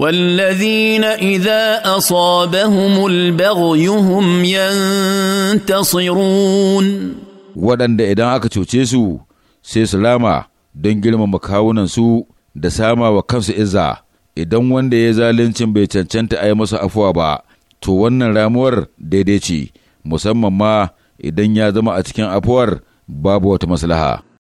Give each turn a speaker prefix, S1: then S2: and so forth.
S1: والذين اذا اصابهم البغي هم
S2: ينتصرون waɗanda idan aka cuce su sai su lama don girmama kawunan su da sama wa kansu izza idan wanda ya zaluncin bai cancanta a yi masa afuwa ba to wannan ramuwar daidai ce musamman ma idan ya zama a cikin afuwar babu wata maslaha.